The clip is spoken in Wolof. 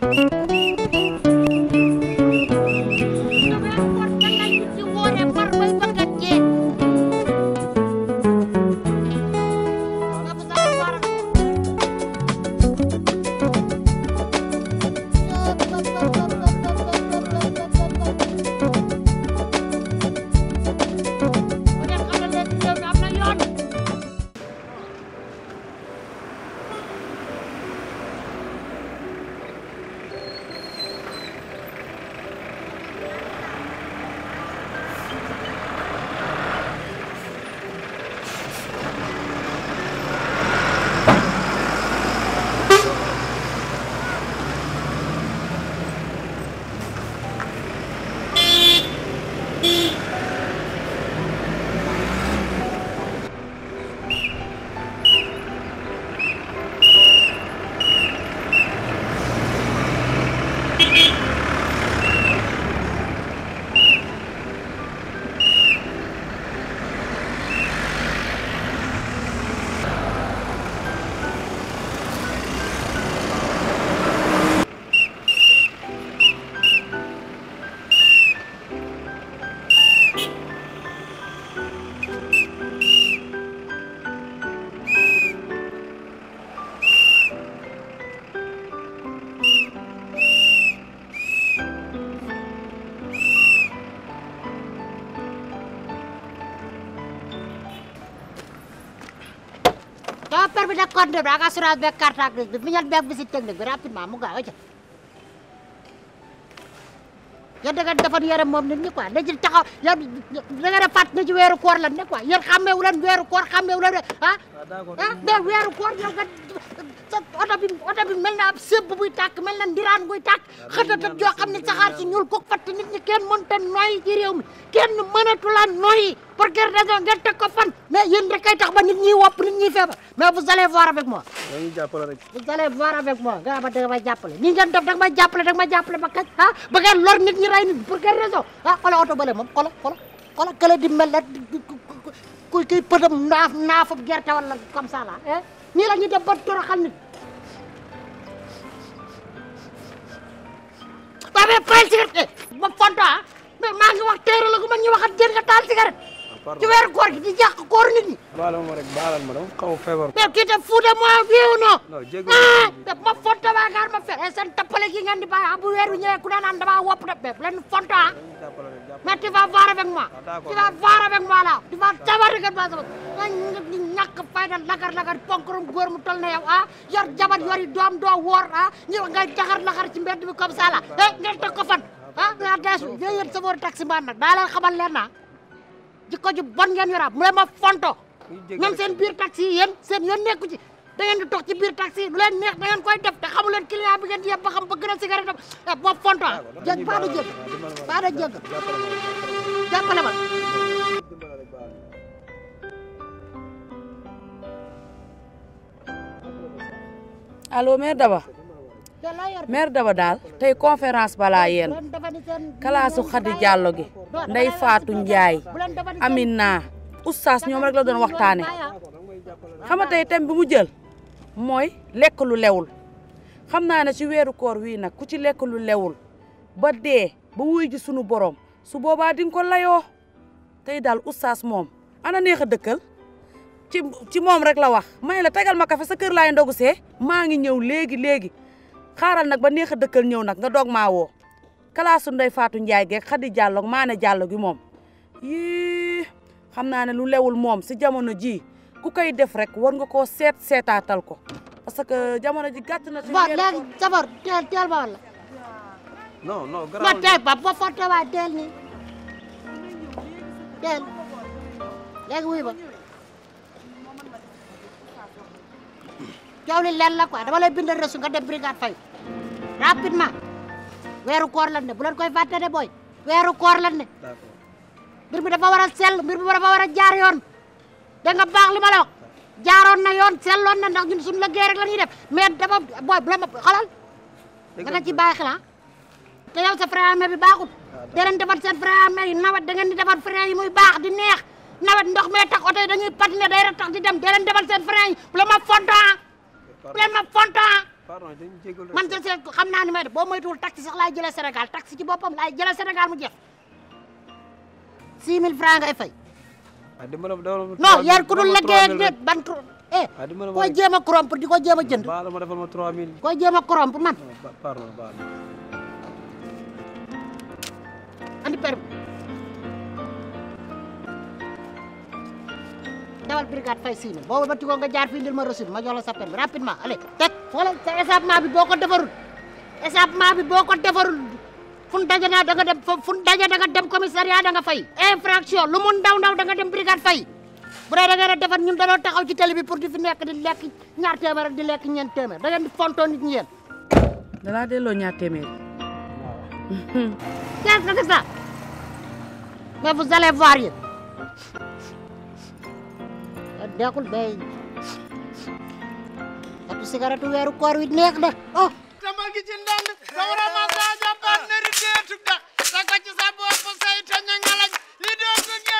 thank you super bi nag compte bi ak assurance beeg carte ak bi fi ñal beeg visite technique bi rapidement a ca yéen da nga nit ñi quoi da ci taxaw yéen da nga def fàtt ne ci weeru koor lan ne quoi yéen xàmmeewu leen weeru koor xàmmeewu leen ah ah, ah mais weeru koor yow nga oto bi oto bi mel na ab sëb buy tàkk mel na ndiraan buy tàkk ah, xëtatat joo xam ne saxaar si ñuul ko fatt nit ñi kenn mënta noyyi ci réew mi kenn mënatu la noyyi pour quelle raison ngeen ko fan mais yéen rek kay tax ba nit ñi wopp nit ñi feebar mais vous allez voir avec moi. maa ngi voir avec moi nga ba danga may jàppale ni ngeen def danga may jàppale danga may jàppale ba kañ ah ba ngeen lor nit ñi rey nit pour quelle raison ah xoolal oto bële moom xoolal xoolal xoolal kële di mel ku kii pëtam naaf gerte wala comme ça là eh nii la ñuy def ba toroxal nit. waaw mais fayal cigarette ba fonto ah mais maa ngi wax teeru la ku man ñu waxat jën nga taal cigarette. ci weeru koor gi di yàq koor nit ñi. baalal ma rek baalal a feebar. mais kii tam moo wéewu noo. non ah, ma fonto ba gaar ma fekk eh, seen tappale gi ngeen di bàyyi ah, bu weeru ñëwee ku ne naan damaa wopp da mais bu leen fonto ah. mais tu vas voir avec ah, sabar rek ba sabar ñu ñàkk fayda lagar lagar mu toll na yow ah yor jabar yori doom doo woor ah ñu ngay jaxar laxar ci mbedd bi comme ça là eh ngeen teg ko fan ah nga daas yéen yéen sa boor taxi jikko ji bon ngeen yoraat mu leen ma fonto même seen biir taxi yi seen yoon nekku ci da ngeen di toog biir taxi yi lu leen neex da ngeen koy def te xamu leen client bi ngeen di yeb ba xam ba gën a cigarette eh, fonto ah jég baada jég ma allo mère Daba maire Daba daal tey conférence balaa yéen kalaasu Khady Diallo gi Ndeye Fatou amin Amina oustaz ñoom rek la doon waxtaane xam nga tey thème bi mu jël mooy lekk lu lewul xam naa ne ci weeru koor wii nag ku ci lekk lu lewul ba dee ba wuy sunu borom su boobaa din nga ko layoo tey daal oustaz moom ana neex a dëkkal ci ci moom rek la wax may la tegal ma kafe sa kër laay ndogu se maa ngi ñëw léegi léegi xaaral nag ba neex a dëkkal ñëw nag nga doog maa woo kalaasu Ndeye Fatou Ndiaye geeg Khady Diallo maa ne gi moom yii xam naa ne lu lewul moom si jamono ji ku koy def rek war nga koo seet seetaatal ko parce que jamono ji gàtt na. waaw léegi teel teel ba wala. non non garaaw ma teel ba teel nii teel léegi wuy ba. coow li lenn la quoi dama lay bindal reçu nga dem brigade fay. rapidement weeru koor lan ne bu leen koy fàtte de booy weeru koor lan ne mbir mi dafa war a sell mbir mi dafa war a jaar yoon da nga baax li ma la wax jaaroon na yoon selloon na ndax ñun suñu liggéey rek la ñuy def mais dama booy bu la ma xolal da nga ci bàyyi xel ah. te yow sa frein bi baaxut ah, da leen defar seen frein yi nawet da ngeen di defar muy baax di neex nawet ndox mee tax da leen defar seen ma fonto bu leen ma fonto pardon dañu jégalu man de xam naa ni may def boo moytuwul taxi sax laay jëlee Sénégal taxi ci boppam laay jëlee Sénégal mu jeex 6000 francs ngay fay. ah di mën a non yar ku dul liggéey ban tur. Eh, ah di mën a koo jéem a corrompre di ko jéem a jënd. baal ma defal ma 3000. koo a man. andi permi dawal brigade fay 6000 boobu ba tiggoo nga jaar fii ma reçu ma jox la sa permi rapidement allez teg. xoolal te échappement bi boo ko defarul échappement bi boo ko defarul fun daje naa da nga dem fun daje da nga dem commissariat da nga fay. infraction lu mu ndaw ndaw da nga dem brigade fay bu dee da ngeen a defar ñun dañoo taxaw ci télé bi di fi nekk di lekk ñaar téeméer di lekk ñeent téeméer da ngeen di fontoo nit ñi delloo ñaar téeméer. c'est vrai que ça mais vous allez voir yéen. deekul day. Cigarette వేరు కోరు నీకడా ఓ తమ్మకి చిందండి సౌరమ సాజ పన్నరి చేటుడా సకచి సబు అప్పు సైట్ నంగల ఇదో కుంగే